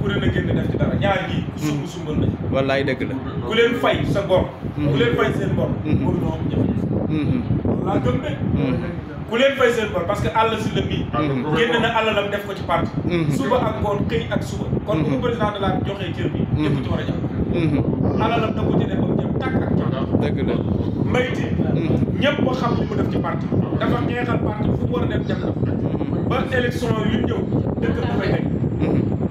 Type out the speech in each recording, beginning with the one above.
ku leen a génn def ci dara ñaar ñii. ku sumb hmm. sumbal na wallaay dëgg la. ku leen fay sa bor. Hmm. ku leen fay seen bor. Hmm. ku leen fay seen bor parce que àll si la mii. génn na àllalam def ko ci parti. suba ak ngoon xëy ak suba. kon bu président de la joxee cër bi. ñëpp ci war a jàpp. àllalam da ko ci def mu jëm tàkk ak coono. dëgg la mbayti. ñëpp boo xam def ci parti. dafa ñeexal parti mu war a dëkk bu fay nekk.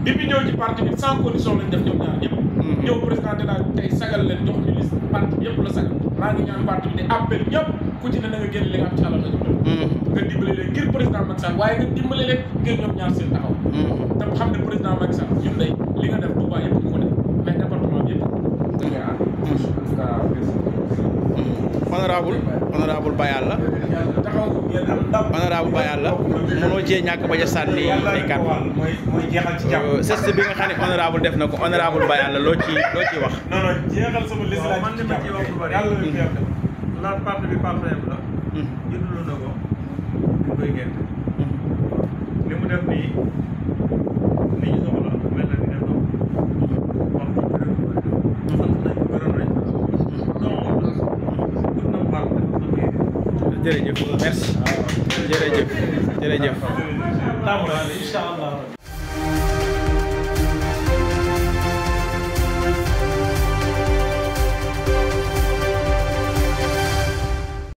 bi bi ñëw ci parti bi sans condition lañ def ñoom ñaar ñëpp. Mm-hmm. ñëw président de la tey sagal leen jox ñu liste parti bi yëpp sagal maa ngi parti bi di appel ñëpp ku ci ne na nga génn mm-hmm. leen ngir président Macky Sall waaye nga leen ngir ñoom ñaar seen taxaw tam mm-hmm. xam ne président Macky Sall ñun day li nga def Touba yëpp ko def mais département honorable honorable Bayal honorable Baye Alla mëno jé ñak ba ja sanni ay kat kàddu geste bi nga xam honorable def nako ko honorable Baye Alla lo ci lo ci wax. non non jéxal sama l'islam man li ma ciy wax bu bari yalla ñu bi la parti bi parti la. jënduloo na ko ñu koy génn. li mu def nii li ñu soxla mel na ni ne doon wax dëgg obrigado, merci jërëjëf jërëjëf tàmbali incha